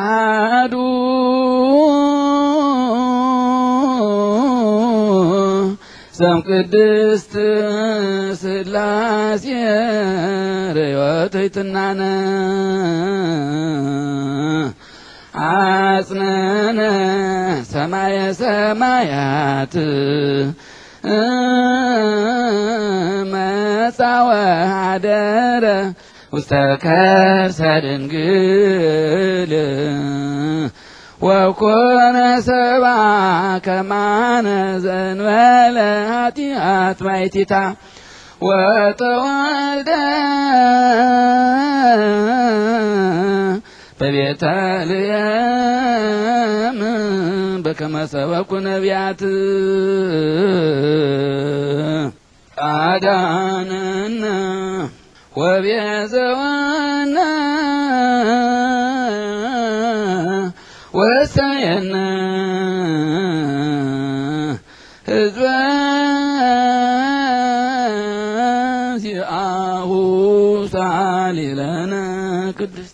አሐዱ ዘእምቅድስት ሥላሴ ርእዮትይትናነ አጽነነ ሰማየ ሰማያት መጻወ አደረ ውስተ ከርሰ ድንግል ወኮነ ሰባ ከማነ ዘንበለ ኃጢአት ማይቲታ ወተወልደ በቤተ ልሔም በከመ ሰበኩ ነቢያት አዳነና ወቢያዘዋና ወሳየና ህዝበ ሲአሁ ሳሊለነ ቅዱስ